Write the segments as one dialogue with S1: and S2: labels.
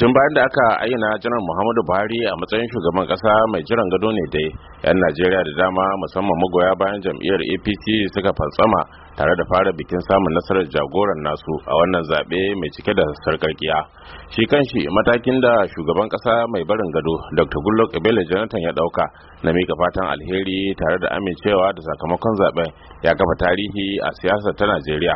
S1: tun bayan da aka ayyana janar muhammadu buhari a matsayin shugaban kasa mai jiran gado ne dai yan najeriya da dama musamman magoya bayan jam'iyyar apc suka fantsama tare da fara bikin samun nasarar jagoran nasu a wannan zaɓe mai cike da sarkarkiya shi kanshi matakin da shugaban kasa mai barin gado dr gullok ebele jonathan ya ɗauka na mika fatan alheri tare da amincewa da sakamakon zaɓen ya kafa tarihi a siyasar ta najeriya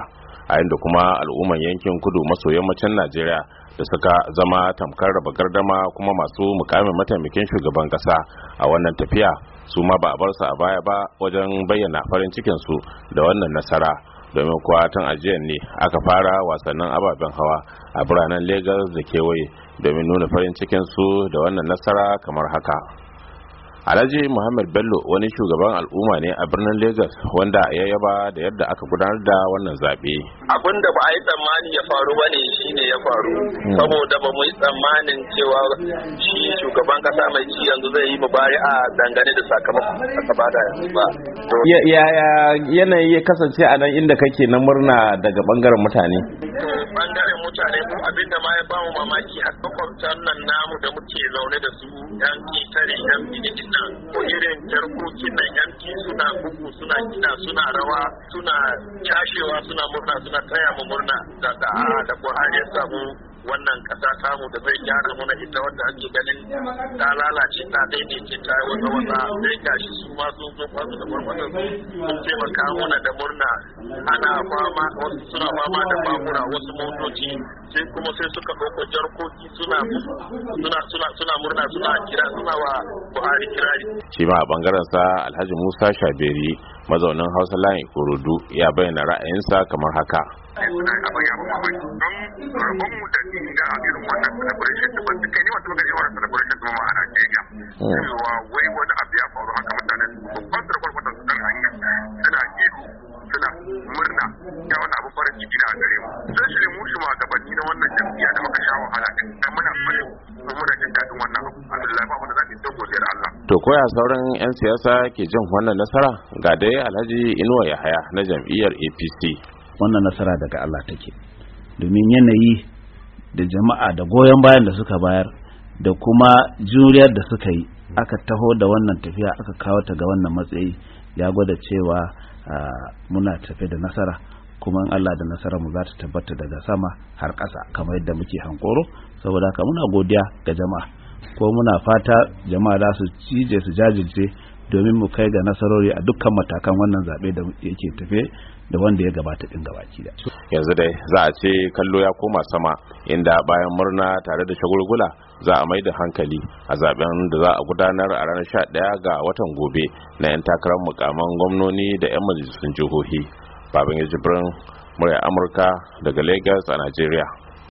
S1: a inda kuma al'umman yankin kudu maso yammacin najeriya da suka zama tamkar raba gardama kuma masu mukamin mataimakin shugaban kasa a wannan tafiya su ma ba a bar su a baya ba wajen bayyana farin cikin su da wannan nasara domin kuwa tun ajiyar ne aka fara wasannin ababen hawa a biranen Legas da kewaye domin nuna farin cikin su da wannan nasara kamar haka. alhaji muhammad bello wani shugaban al'umma ne a birnin Legas, wanda ya yaba da yadda aka gudanar da wannan zaɓe
S2: abin da ba a yi tsammani ya faru ba ne ne ya faru saboda ba mu yi tsammanin cewa shi shugaban kasa mai ci yanzu zai yi mubari a dangane da sakamakon kasa ba da yanzu ba
S1: yanayi ya kasance a nan inda kake na murna daga bangaren mutane
S2: mutane mu abin da ma ya bamu mamaki har makwabtan nan namu da muke zaune da su yan kitare yan bidin nan ko irin jarkokin nan yan suna bugu suna kina suna rawa suna cashewa suna murna suna taya mu murna da da da Qur'ani ya samu wannan kasa tamu da zai gyara mana ita wanda ake ganin ta lalace ta daidaice ta wata wata zai gashi su ma sun zo fasu da farfasa sun taimaka mana da murna ana fama wasu suna fama da babura wasu motoci sai kuma sai suka ɗauko jarkoki suna suna suna suna murna suna kira suna wa Buhari kirari.
S1: Shi ma a bangaren sa Alhaji Musa Shaberi mazaunin hausa layin kurudu ya bayyana ra'ayinsa kamar haka
S2: cewa wai wani abu ya wani abin farin ciki da a gare mu sai shi mu shi ma gabanni na wannan jam'iyya da muka sha wahala to koya
S1: sauran 'yan siyasa ke jin wannan nasara ga dai alhaji inuwa yahaya na jam'iyyar apc
S3: wannan nasara daga allah take domin yanayi da jama'a da goyon bayan da suka bayar da kuma juriyar da suka yi aka taho da wannan tafiya aka kawo ta ga wannan matsayi ya gwada cewa muna tafe da nasara kuma in Allah da nasara mu za ta tabbata daga sama har ƙasa kamar yadda muke hankoro saboda haka muna godiya ga jama'a ko muna fata jama'a za su cije su jajirce domin mu kai ga nasarori a dukkan matakan wannan zaɓe da yake tafe da wanda ya gabata din gabaki da
S1: yanzu dai za a ce kallo ya koma sama inda bayan murna tare da shagulgula za a mai da hankali a zaben da za a gudanar a ranar sha ɗaya ga watan gobe na 'yan takarar mukaman gwamnoni da 'yan majalisun jihohi babin ya jibrin murya amurka daga lagos a nigeria